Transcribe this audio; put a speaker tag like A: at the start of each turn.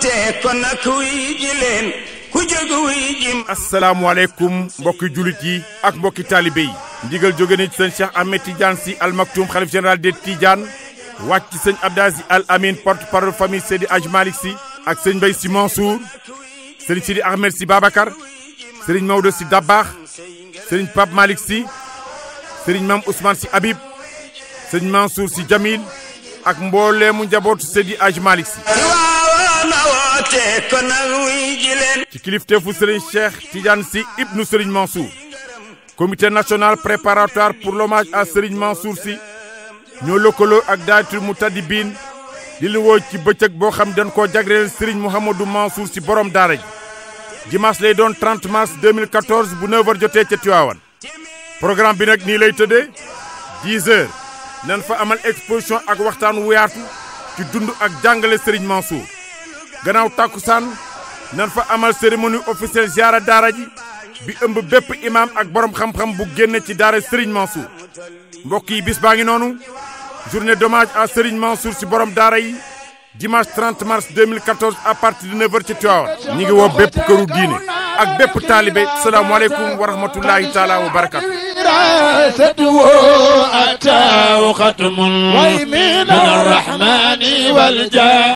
A: wootee kon nag wuy ji ku jóg wuy ji. asalaamualeykum mbokki jullit yi ak mbokki taalibe yi. ndigal jóge na ci sëñ Cheikh Ahmed Tidiane si al maktoum xalif général des Tidiane wàcc ci sëñ Abdazi al Amin porte parole famille Seydi Aj Malick si. ak sëñ Mbaye si Mansour sëriñ Sidi Ahmed si Babacar sëriñ Maodo si Dabbaax sëriñ Pape Malick si sëriñ Mame Ousmane si Habib sëriñ Mansour si Jamil ak mbooleemu njabootu Seydi Aj Malick si. na woote kon nag wuy ji leen ci kilifteefu Serigne Cheikh Tidiane Sy ibnu Serigne Mansour comité national préparatoire pour l'hommage à Serigne Mansour Sy ñoo lëkkaloo ak daayira Moutadibine di li woo ci bëccëg boo xam dañ koo jagleel Serigne Mouhamadou Mansour si borom daara ji dimanche lay doon 30 mars 2014 bu 9h jotee ca Tivaouane programme bi nag nii lay tëddee 10 nan fa amal exposition ak waxtaan wuyaatu ci dund ak jàngale Serigne Mansour gannaaw san nan fa amal cérémonie officielle ziara daara ji bi ëmb bépp imaam ak boroom xam-xam bu génne ci daara Serigne Mansour mbokk yi bis baa ngi noonu journée d'hommage à Serigne Mansour si borom daara yi dimanche 30 mars 2014 à partir de 9 ci Tivaouane ñi ngi woo bépp këru diine ak bépp taalibe salaamaaleykum wa rahmatullahi taala wa barakatu
B: دراسته أتاه
C: ختم من الرحمن والجاه